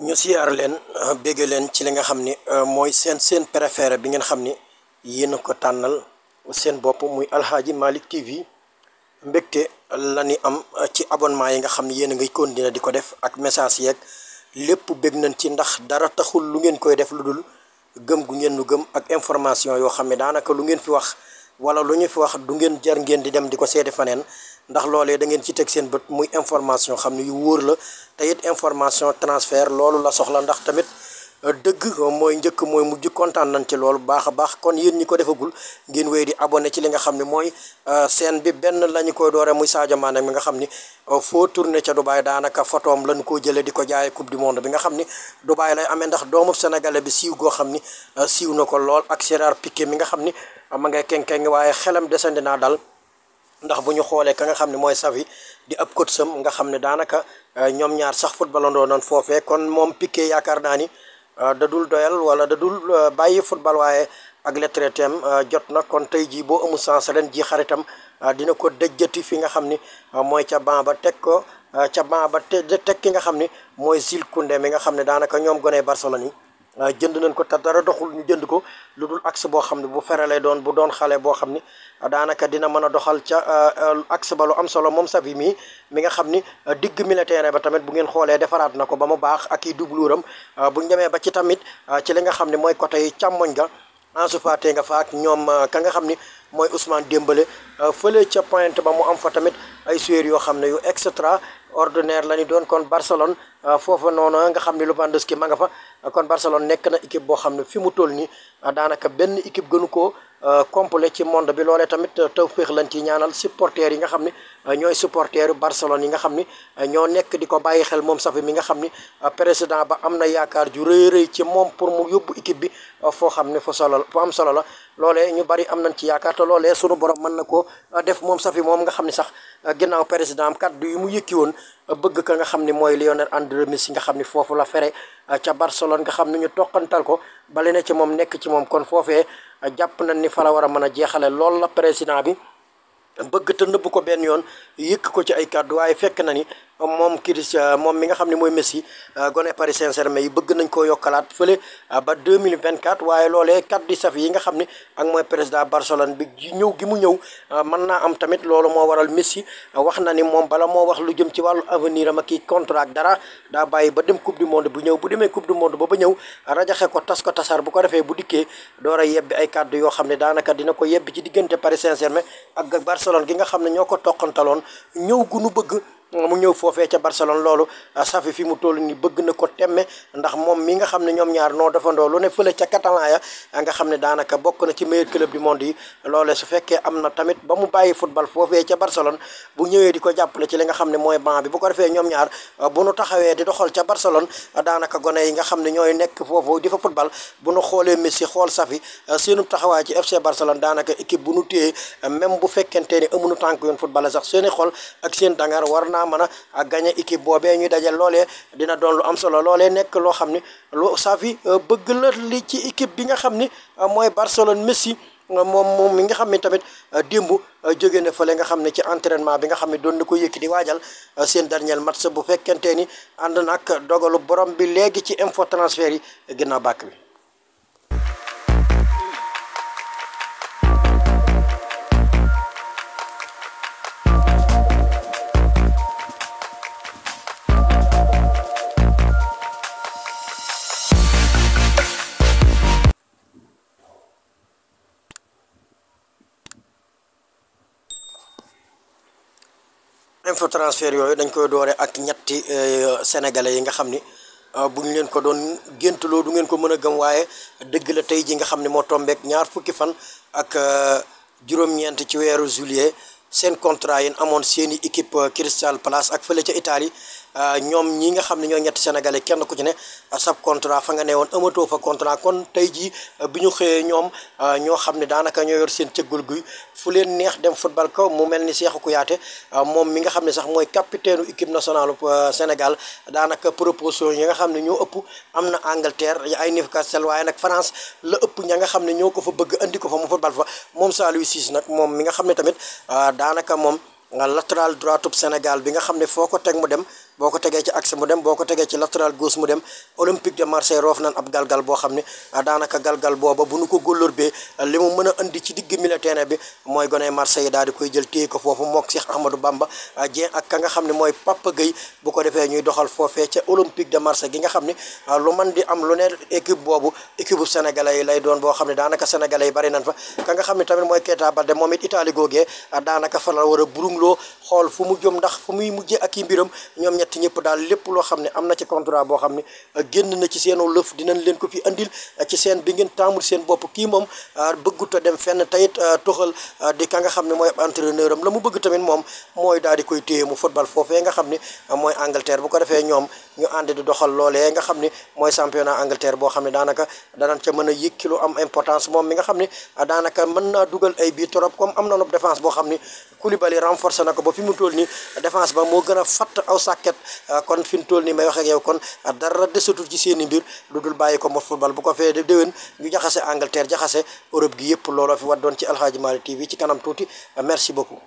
ñu siyaar leen ah, bégge leen ci li nga xam ni ah, mooy seen seen préféré bi ngeen xam ni yéen ko tànnal seen bopp muy Aladji Malick TV mbégte la ñu am ah, ci abonnement yi nga xam ni yéen a kon continuer di ko def ak message yeeg lépp bég nañ ci ndax dara taxul lu ngeen koy def lu dul gëm gu ngeen lu gëm ak information yoo xam ne daanaka lu ngeen fi wax wala lu ñu fi wax du ngeen jar ngeen di dem di ko seeti faneen ndax loolee da ngeen ci teg seen bët muy information xam ne yu wóor la te it information transfert loolu la soxla ndax tamit dëgg mooy njëkk mooy mujj kontaan nañ ci loolu baax a baax kon yéen ñi ko defagul ngeen wéy di abonné ci li nga xam ne mooy euh, seen bi benn la ñu koy dooree muy Sadio Mané mi nga xam ni euh, foo tourné ca Dubaï daanaka photoom lañ koo jëlee di ko jaayee coupe du monde bi nga xam ni Dubaï lay amee ndax doomu sénégalais bi siiw goo xam ni euh, siiw na ko lool ak Gérard Piqué mi nga xam ni ma ngay kenkeñ waaye xelam desandi naa dal ndax bu ñu xoolee ka nga xam ne mooy savi di ab kot sam nga xam ne daanaka ñoom ñaar sax footballandoo noon foofee kon moom Piqué yaakaar naa ni Euh, da dul doyal wala da dul euh, bàyyi football waaye ak retraité am euh, jot na kon tey jii boo amul sens ren ji xaritam dina ko dëjjati fi nga xam ni mooy ca ban ba teg ko ca ban ba te ki nga xam ni mooy Jules Koundé mi nga xam ne daanaka ñoom gone Barcelone Euh, jënd nañ ko te dara doxul ñu jënd ko lu dul axe boo xam ne bu fere lay doon bu doon xale boo xam ni daanaka dina mën a doxal ca euh, axe ba lu am solo moom Xavi mii mi nga xam ni euh, digg militaire ba tamit bu ngeen xoolee defaraat na ko ba mu baax ak ki dubluuram bu ñu demee ba ci tamit ci li nga xam ne mooy côté càmmoñ ga en Fati nga fa ñoom euh, ka nga xam ni mooy Ousmane Dembélé euh, fële ca Pointe ba mu am fa tamit ay joueurs yoo xam ne yu extraordinaire la ñu doon kon Barcelone euh, foofa noonu nga xam ne Lewandowski ma nga fa kon Barcelone nekk na équipe boo xam ne fi mu toll nii daanaka benn équipe gënu ko. Euh, complet ci monde bi loolee tamit euh, tawféex lañ ci ñaanal supporters yi nga xam ni euh, ñooy yu Barcelone yi nga xam ni ñoo nekk di ko bàyyi xel moom Xavi mi nga xam ni président ba am na yaakaar ju rëy rëy ci moom pour mu yóbbu équipe bi foo xam ne fu solo fu am solo la loolee ñu bari am nañ ci yaakaar te sunu borom mën na koo def moom Xavi moom nga xam ni sax ginnaaw président am yi mu yëkki woon bëgg ka nga xam ni mooy Lionel Andrés Messi nga xam ni foofu la fere ca Barcelone nga xam ni ñu toqantal ko bale na ci moom nekk ci moom kon foofee jàpp nañ ni fa la war a mën a jeexale loolu la président bi bëgg te nëbb ko benn yoon yëkk ko ci ay kàddu waaye fekk na ni moom Christian euh, moom mi nga xam ne mooy Messi euh, gone Paris Saint-Germain yi bëgg nañ koo yokkalaat fële euh, ba 2024 waaye loole kat di saf yi nga xam ne ak mooy président Barcelone bi ñëw gi mu ñëw mën naa am tamit loolu moo waral Messi wax na ni moom bala moo wax lu jëm ci wàllu avenir am ak kii contrat dara daa bàyyi ba dem coupe du monde bu ñëw bu demee coupe du monde ba ba ñëw rajaxe ko tas ko tasaar bu ko defee bu dikkee door a yebbi ay kàddu yoo xam ne daanaka dina ko yebbi ci diggante Paris Saint-Germain ak Barcelone gi nga xam ne ñoo ko toqantaloon ñëw gu nu bëgg mu ñëw foofee ca Barcelone loolu Xavi euh, fi mu toll ni bëgg na ko temme ndax moom mi nga xam ne ñoom ñaar noo defandoo lu ne fële ca Catalan ya nga xam ne daanaka bokk na ci meilleur club du monde yi loolee su fekkee am na tamit ba mu bàyyi football foofee ca Barcelone bu ñëwee di ko jàppale ci li nga xam ne mooy banc bi bu ko defee ñoom ñaar euh, bu nu taxawee di doxal ca Barcelone daanaka gone yi nga xam ne ñooy nekk foofu di fa football bu nu xoolee Messi xool Xavi euh, seenu taxawaay ci FC Barcelone daanaka équipe bu nu téyee même bu fekkente ni amuñu tànk yoon football sax seeni xol ak seen dangar naa mën a gagné équipe boobee ñuy dajal loole dina doon lu am solo loolee nekk loo xam ni lu Xavi euh, bëgg la li ci équipe bi nga xam ni euh, mooy Barcelone Messi euh, moom moom mi nga xam ne tamit démb jóge na le nga xam ne ci entraînement bi nga xam ne doon na ko yëkki di waajal seen danielle match bu fekkente ni ànd nag dogalu borom bi léegi ci info transfert yi ginnaaw bàkk bi. info transfert yooyu dañ koy doore ak ñetti euh, sénégalais yi nga xam ni euh, bu leen ko doon géntaloo du ngeen ko mën a gëm waaye dëgg la tey ji nga xam ne moo tombeek ñaar fukki fan ak euh, juróom-ñeent ci weeru juillet seen contrat yi yéen amoon seeni i équipe euh, Crystal ak fële ca Italie euh, ñoom ñi nga xam ne ñooy ñetti sénégalais kenn ku ci ne euh, sab contrat fa nga nee woon amatoo fa contrat kon tey jii bi ñu xëyee ñoom ñoo xam ne daanaka ñoo yor seen cëggul guy fu leen neex dem football ko mu mel ni Cheikhou Kouyaté moom mi nga xam ne sax mooy capitaine équipe nationale Sénégal daanaka proposition yi nga xam ne ñoo ëpp am na Angleterre ay Newcastle waaye nag France la ëpp ña nga xam ne ñoo ko fa bëgg andi ko fa mu football fa moom Saliou Ciss nag moom mi nga xam ne tamit daanaka moom a latéral droitub Sénégal bi nga xam ne foo ko teg mu dem boo ko tegee ci axe mu dem boo ko tegee ci latéral gauche mu dem olympique de marseille roof nan ab galgal boo xam ne ah, daanaka galgal booba bu nu ko góllóor bee ah, li mu mën a indi ci digg milieu terrain bi mooy goney marseille daal di koy jël téye ko foofu mook Cheikh Ahmadou Bamba ah, ak ka nga xam ne mooy Papa Gueye bu ko defee ñuy doxal foofe ca olympique de marseille gi nga xam ne lu man di am lu ne équipe boobu équipe bu yi lay doon boo xam ne daanaka sénégalais yi bari nan fa ka nga xam ne tamit mooy Keita Baldé moom it Italie googee daanaka fa la war a burumloo xool fu mu jëm ndax fu muy mujjee ak i mbiram ñoom ñett ci ñëpp daal lépp loo xam ne am na ci contrat boo xam ne euh, génn na ci seeno lëf dinañ leen ko fi indil euh, ci seen bi ngeen taamul seen bopp kii moom euh, bëggut dem fenn tayit toxal di ka nga xam ne mooy ab am la mu bëgg tamit moom mooy daal di koy téye mu football foofee nga xam ne mooy Angleterre bu ko defee ñoom ñu ànd di doxal loolee nga xam ne mooy championnat Angleterre boo xam ne daanaka danañ ca mën a yëkki lu am importance moom mi nga xam ne daanaka mën naa dugal ay bii trop comme am na nopp defence boo xam ne Koulibaly renforcé na ko ba fi mu toll nii défense ba moo gën a aw sàkket Ah, kon fi mu toll nii may waxee ak kon ah, dara desatul ci seen i mbir lu dul bàyyi ko mot football bu ko fee def déwén ñu jaxase Angleterre jaxase Europe gi yëpp looloo fi war doon ci Aladji Malick TV ci kanam tuuti ah, merci beaucoup